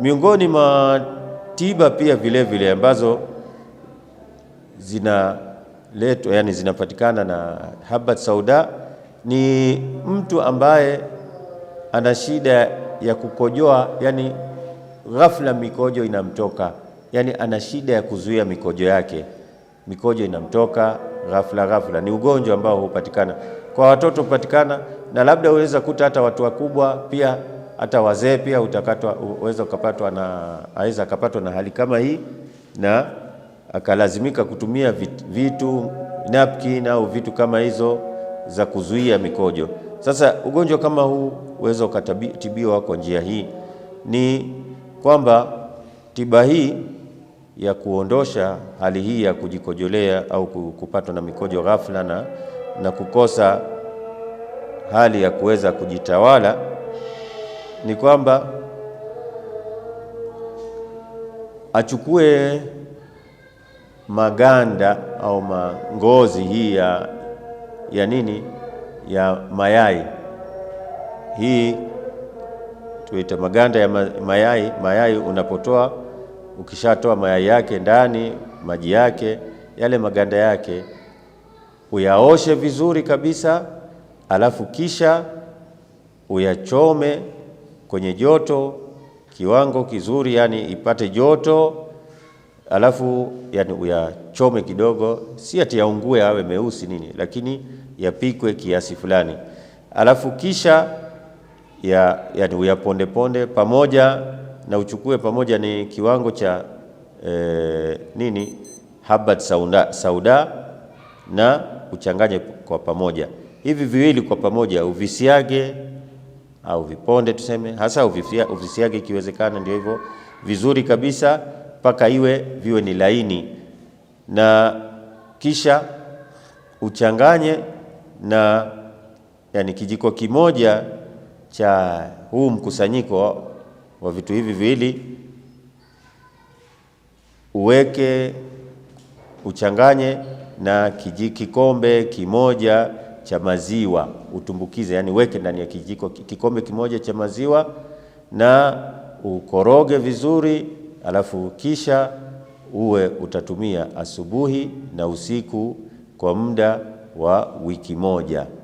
Miongoni mwa tiba pia vile vile ambazo zinaletwa yani zinapatikana na habat sauda ni mtu ambaye ana shida ya kukojoa, yani ghafla mikojo inamtoka, yani ana shida ya kuzuia mikojo yake, mikojo inamtoka ghafla ghafla. Ni ugonjwa ambao hupatikana kwa watoto, hupatikana na labda unaweza kuta hata watu wakubwa pia hata wazee pia utakatwa, uweza ukapatwa na aweza akapatwa na hali kama hii na akalazimika kutumia vitu napkin au vitu kama hizo za kuzuia mikojo. Sasa ugonjwa kama huu uweza ukatibiwa kwa njia hii, ni kwamba tiba hii ya kuondosha hali hii ya kujikojolea au kupatwa na mikojo ghafla na, na kukosa hali ya kuweza kujitawala ni kwamba achukue maganda au mangozi hii ya, ya nini ya mayai hii tuita maganda ya mayai. Mayai unapotoa ukishatoa mayai yake ndani, maji yake yale maganda yake uyaoshe vizuri kabisa, alafu kisha uyachome kwenye joto kiwango kizuri, yani ipate joto alafu yani uyachome kidogo, si ati yaungue awe meusi nini, lakini yapikwe kiasi fulani, alafu kisha ya, yani uyapondeponde pamoja na uchukue pamoja, ni kiwango cha e, nini habat sauda, sauda na uchanganye kwa pamoja, hivi viwili kwa pamoja, uvisiage au viponde tuseme, hasa ofisi yake ikiwezekana, ndio hivyo vizuri kabisa, mpaka iwe viwe ni laini, na kisha uchanganye na yani kijiko kimoja cha huu mkusanyiko wa vitu hivi viwili, uweke uchanganye na kikombe kimoja cha maziwa utumbukize, yani weke ndani ya kijiko kikombe kimoja cha maziwa na ukoroge vizuri, alafu kisha uwe utatumia asubuhi na usiku kwa muda wa wiki moja.